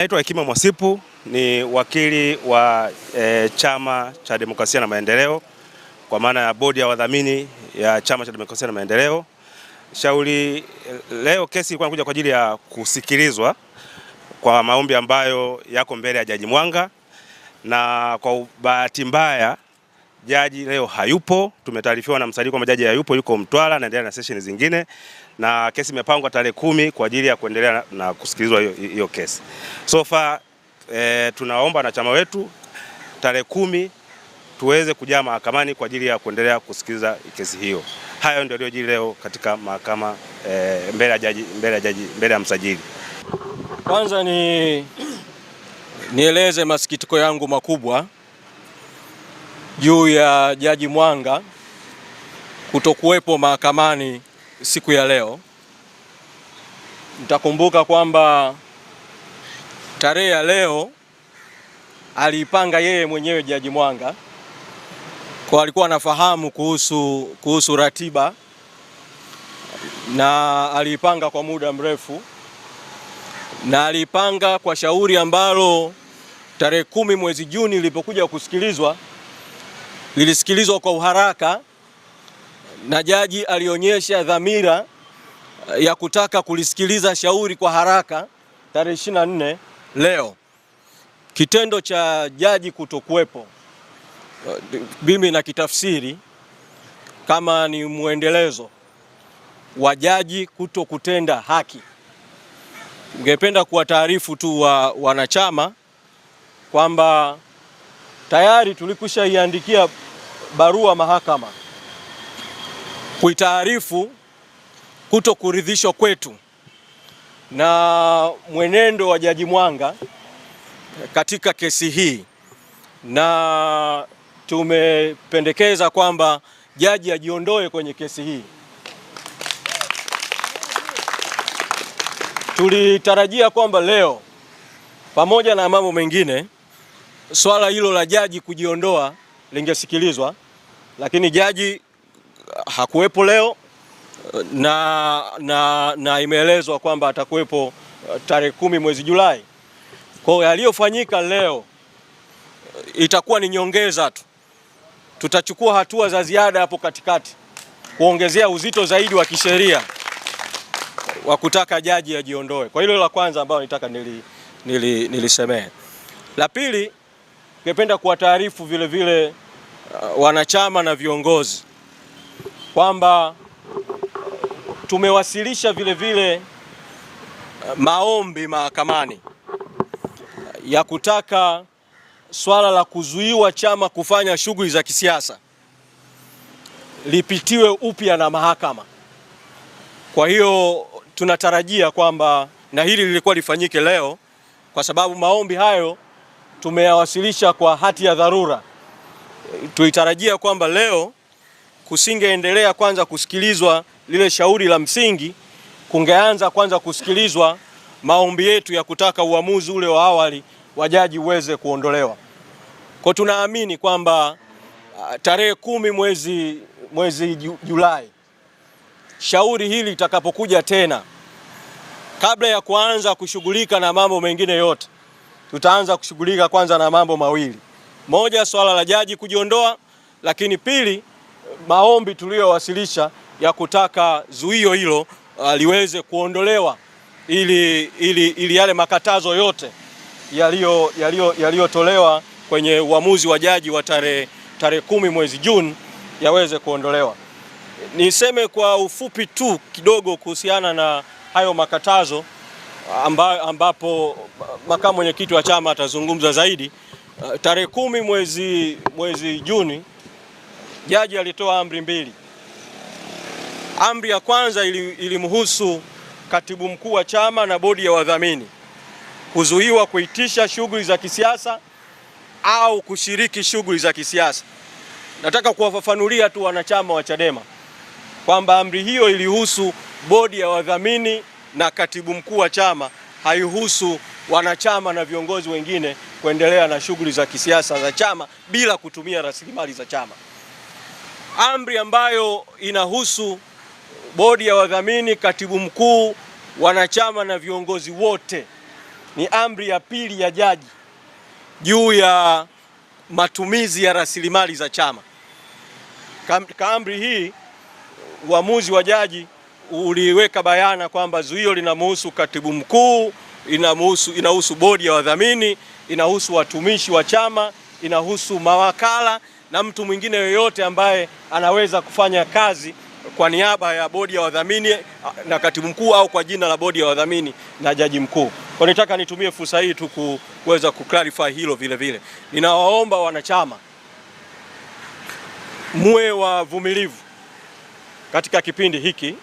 Naitwa Hekima Mwasipu ni wakili wa e, Chama cha Demokrasia na Maendeleo kwa maana ya bodi ya wadhamini ya Chama cha Demokrasia na Maendeleo. Shauri eh, leo, kesi ilikuwa inakuja kwa ajili ya kusikilizwa kwa maombi ambayo yako mbele ya Jaji Mwanga, na kwa bahati mbaya Jaji leo hayupo, tumetaarifiwa na msajili kwamba jaji hayupo, yuko Mtwara anaendelea na session zingine, na kesi imepangwa tarehe kumi kwa ajili ya kuendelea na, na kusikilizwa hiyo kesi. So far e, tunaomba wanachama wetu tarehe kumi tuweze kujaa mahakamani kwa ajili ya kuendelea kusikiliza kesi hiyo. Hayo ndio yaliyojiri leo katika mahakama e, mbele ya jaji, mbele ya jaji, mbele ya msajili. Kwanza ni nieleze masikitiko yangu makubwa juu ya Jaji Mwanga kutokuwepo mahakamani siku ya leo. Mtakumbuka kwamba tarehe ya leo aliipanga yeye mwenyewe Jaji Mwanga, kwa alikuwa anafahamu kuhusu, kuhusu ratiba na aliipanga kwa muda mrefu na aliipanga kwa shauri ambalo tarehe kumi mwezi Juni lilipokuja kusikilizwa lilisikilizwa kwa uharaka na jaji alionyesha dhamira ya kutaka kulisikiliza shauri kwa haraka tarehe 24 leo. Kitendo cha jaji kutokuwepo mimi na kitafsiri kama ni mwendelezo wa jaji kuto kutenda haki. Ningependa kuwataarifu tu wa wanachama kwamba tayari tulikwisha iandikia barua mahakama kuitaarifu kuto kuridhishwa kwetu na mwenendo wa Jaji Mwanga katika kesi hii, na tumependekeza kwamba jaji ajiondoe kwenye kesi hii. Tulitarajia kwamba leo pamoja na mambo mengine swala hilo la jaji kujiondoa lingesikilizwa, lakini jaji uh, hakuwepo leo uh, na, na, na imeelezwa kwamba atakuwepo uh, tarehe kumi mwezi Julai. Kwa hiyo yaliyofanyika leo itakuwa ni nyongeza tu, tutachukua hatua za ziada hapo katikati kuongezea uzito zaidi wa kisheria wa kutaka jaji ajiondoe. Kwa hilo la kwanza ambayo nitaka nili, nili, nilisemee. La pili Ningependa kuwataarifu vile vile uh, wanachama na viongozi kwamba tumewasilisha vile vile uh, maombi mahakamani uh, ya kutaka swala la kuzuiwa chama kufanya shughuli za kisiasa lipitiwe upya na mahakama. Kwa hiyo tunatarajia kwamba na hili lilikuwa lifanyike leo kwa sababu maombi hayo tumeyawasilisha kwa hati ya dharura. Tulitarajia kwamba leo kusingeendelea kwanza kusikilizwa lile shauri la msingi, kungeanza kwanza kusikilizwa maombi yetu ya kutaka uamuzi ule wa awali wa jaji uweze kuondolewa. Kwa tunaamini kwamba ah, tarehe kumi mwezi, mwezi Julai shauri hili litakapokuja tena, kabla ya kuanza kushughulika na mambo mengine yote tutaanza kushughulika kwanza na mambo mawili: moja, swala la jaji kujiondoa, lakini pili, maombi tuliyowasilisha ya kutaka zuio hilo uh, liweze kuondolewa ili, ili, ili yale makatazo yote yaliyotolewa kwenye uamuzi wa jaji wa tarehe tarehe kumi mwezi Juni yaweze kuondolewa. Niseme kwa ufupi tu kidogo kuhusiana na hayo makatazo amba, ambapo makamu mwenyekiti wa chama atazungumza zaidi. Uh, tarehe kumi mwezi, mwezi Juni jaji alitoa amri mbili. Amri ya kwanza ilimhusu katibu mkuu wa chama na bodi ya wadhamini kuzuiwa kuitisha shughuli za kisiasa au kushiriki shughuli za kisiasa. Nataka kuwafafanulia tu wanachama wa Chadema kwamba amri hiyo ilihusu bodi ya wadhamini na katibu mkuu wa chama haihusu wanachama na viongozi wengine kuendelea na shughuli za kisiasa za chama bila kutumia rasilimali za chama. Amri ambayo inahusu bodi ya wadhamini, katibu mkuu, wanachama na viongozi wote ni amri ya pili ya jaji juu ya matumizi ya rasilimali za chama. Kaamri hii uamuzi wa jaji uliweka bayana kwamba zuio linamhusu katibu mkuu, inahusu inahusu bodi ya wadhamini, inahusu watumishi wa chama, inahusu mawakala na mtu mwingine yoyote ambaye anaweza kufanya kazi kwa niaba ya bodi ya wadhamini na katibu mkuu au kwa jina la bodi ya wadhamini na jaji mkuu. Kwa nitaka nitumie fursa hii tu kuweza kuclarify hilo vile vile. Ninawaomba wanachama muwe wavumilivu katika kipindi hiki